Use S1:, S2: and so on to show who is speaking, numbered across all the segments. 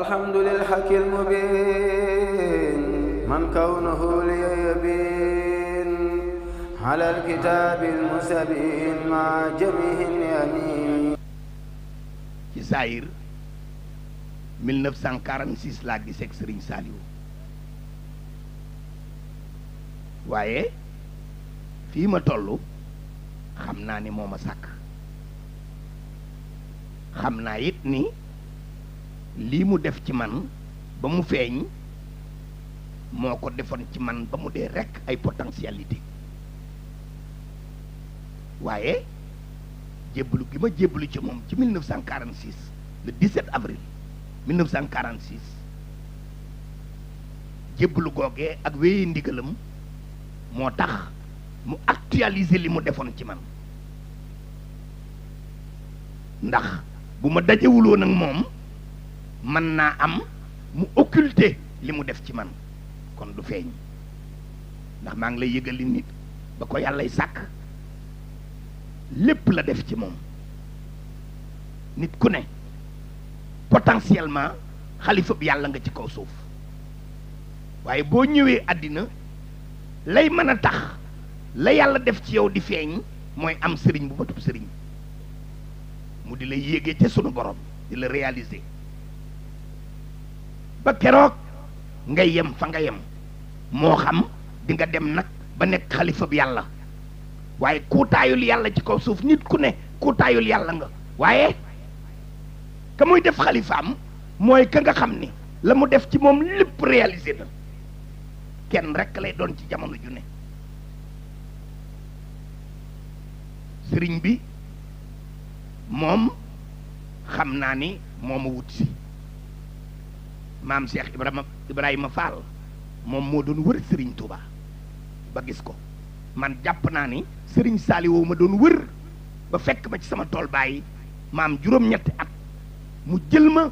S1: الحمد للحق المبين من كونه لي يبين على الكتاب المستبين مع جميع اليمين ci Zahir 1946 laa gis ak Serigne Saliou waaye fii ma toll xam naa ni moo ma lii mu def ci man ba mu feeñ moo ko defoon ci man ba mu dee rekk ay potentialité waaye jébbalu gi ma jébbalu ci moom ci 1946 le 17 avril 1946 jébbalu googee ak wéyee ndigalam moo tax mu actualiser li mu defoon ci man ndax bu ma dajewuloon ak moom man na am mu occulter li mu def ci man kon du feeñ ndax maa ngi lay nit ba ko la def ci nit ku ne potentiellement xalifa bi yàlla nga ci kaw suuf waaye boo ñëwee lay mën tax la def ci yow am sëriñ bu sëriñ mu di la sunu borom réaliser ba keroog nga yem fa nga yem moo xam di nga dem nag ba nekk xalifa bi yàlla waaye kuutaayul yàlla ci ko suuf nit ku ne kuutaayul yàlla nga waaye ka muy def xalifaam mooy ka nga xam ni la mu def ci moom lépp réalisé na kenn rekk lay doon ci jamono ju ne sëriñ bi moom xam naa ni moo ma wut si Mam cheikh ibrahima ibrahima fall mom mo doon wër serigne touba ba gis ko man japp na ni serigne saliwo ma doon wër ba fekk ma ci sama tol maam juróom ñett at mu jël ma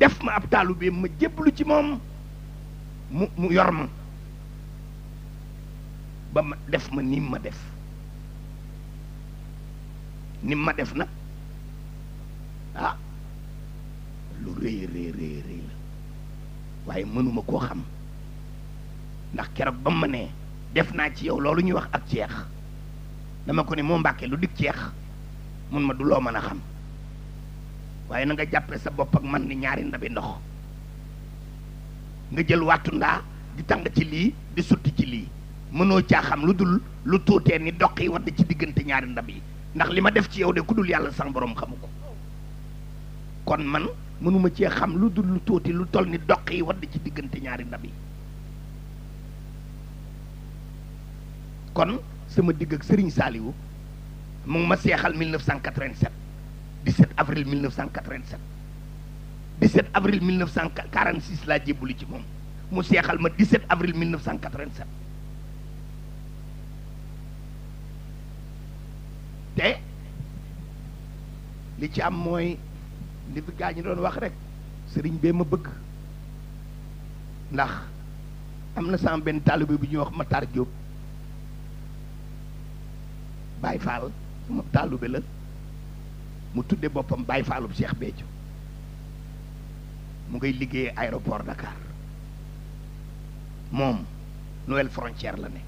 S1: def ma ab taalube ma jéblu ci mom mu yor ma ba ma def ma nim ma def nim ma def nak waaye mënuma koo xam ndax keroog ba mu ma nee def naa ci yow loolu ñuy wax ab ceex dama ko ne moo mbàkke lu dig ceex mun ma du loo mën a xam waaye na nga jàppe sa bopp ak man ni ñaari ndabi ndox nga jël wàttu ndaa di tàng ci lii di sutti ci lii mënoo caa xam lu dul lu tuutee ni doq yi wadd ci diggante ñaari ndab yi ndax li ma def ci yow de ku dul yàlla sax boroom xamu ko kon man mënuma cee xam lu dul lu tuuti lu toll ni doq yi wadd ci diggante ñaari ndab yi kon sama digg ak sëriñ Saliou mu ngi ma seexal 1987 17 avril 1987 17 avril 1946 laa jébbali ci moom mu seexal ma 17 avril 1987 te li ci am mooy. li fi gaa ñi doon wax rek sëriñ bee ma bëgg ndax am na sama benn bu ñuy wax ma Matar Diop Baye Fall moom taalibe la mu tudde boppam Baye Fallub Cheikh Béthio mu ngay liggéey aéroport Dakar moom nouvelle frontière la ne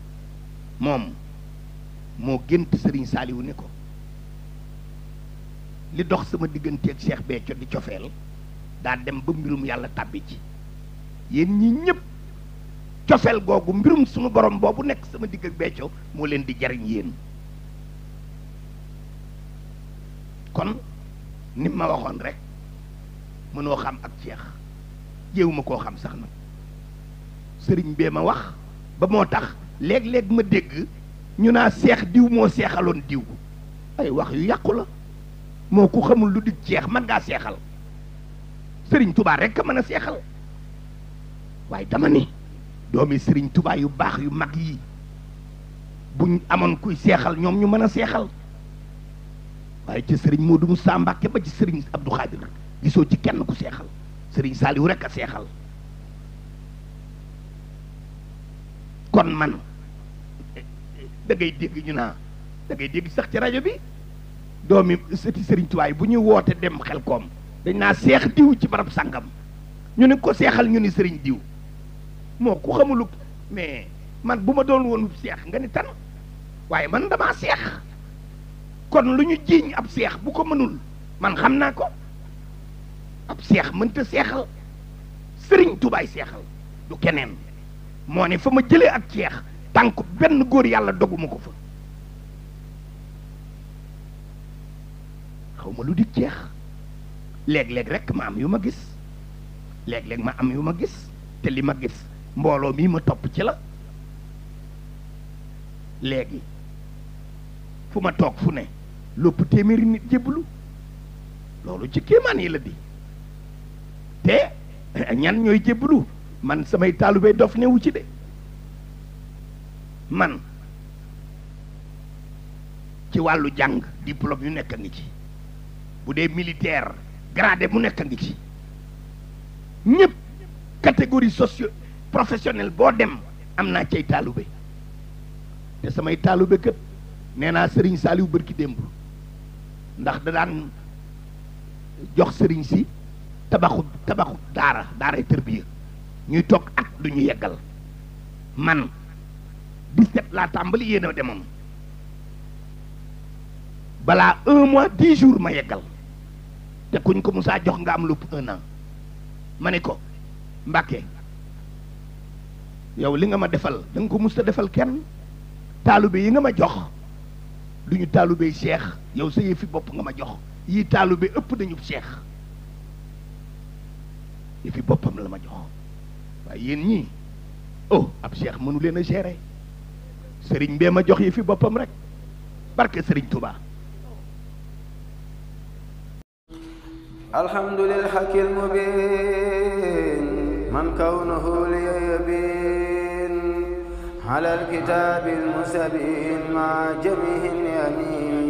S1: moom moo gént Sëriñ Saaliwu ne ko li dox sama digënté ak Cheikh Béthio di ciofel da dem ba mbirum yalla tabbi ci yeen ñi ñëpp ciofel gogu mbirum suñu borom bobu nek sama digg ak mo leen di jariñ yeen kon nim ma waxon rek mëno xam ak Cheikh jéewuma ko xam sax nag sëriñ bee ma wax ba mo tax léeg-léeg ma dégg ñu naa seex diw moo diw ay wax yu moo ku xamul lu dig jeex mën ngaa seexal sëriñ tubaa rek mën a seexal waaye dama ni doomi sëriñ tubaa yu baax yu mag yi bu amoon kuy seexal ñoom ñu mën a seexal waaye ci sëriñ Modou Moussa Mbacke ba ci sëriñ Abdou Khadir gisoo ci kenn ku seexal sëriñ Saliou rek a seexal kon man da ngay dégg ñu naa da dégg sax ci rajo bi doomi sëti sëriñ tuwaay bu ñuy woote dem xel koom dañ naa seex diw ci barab sàngam ñu ne ko seexal ñu ni sëriñ diw moo ku xamulug mais man bu ma doon woon seex nga ni tan waaye man damaa seex kon lu ñu jiiñ ab seex bu ko mënul man xam naa ko ab seex mënta seexal sëriñ tubaay seexal du keneen moo ne fa ma jëlee ak seex tànk benn góor yàlla dogguma ko fa xaw ma lu di jeex leg leg rek ma am yu ma gis leg leg ma am yu ma gis te li ma gis mbolo mi ma top ci la legi fuma tok fu ne lopp nit jeblu lolu ci keman yi la di te eh, ñan ñoy jeblu man samay talube dof uci ci de man ci jang di diplôme yu nek ngi ci bu militaire gradé mu nek ngi ci ñëpp catégorie socio professionnel bo dem amna cey cay té samay taalube kët néna serigne saliw barki demb ndax da daan jox serigne si tabaxu tabaxu dara dara tërbiya ñuy tok at duñu yegal man 17 laa tàmbali yéen a demoon balaa un mois 10 jours ma yegal te kuñ ko musaa jox nga am lu un an ma ne ko mbakke yow li nga ma defal danga ko mus a defal kenn taalibe yi nga ma jox du ñu taalibe cheikh yow sa yëfi bopp nga ma jox yii taalibe ëpp dañu seex yëfi boppam la ma jox waaye yéen ñii oh ab cheikh mënu leen a gérer sëriñ bee ma jox yëfi boppam rek barke sëriñ tubaa الحمد للحك المبين من كونه لي يبين على الكتاب المسبين مع جميع اليمين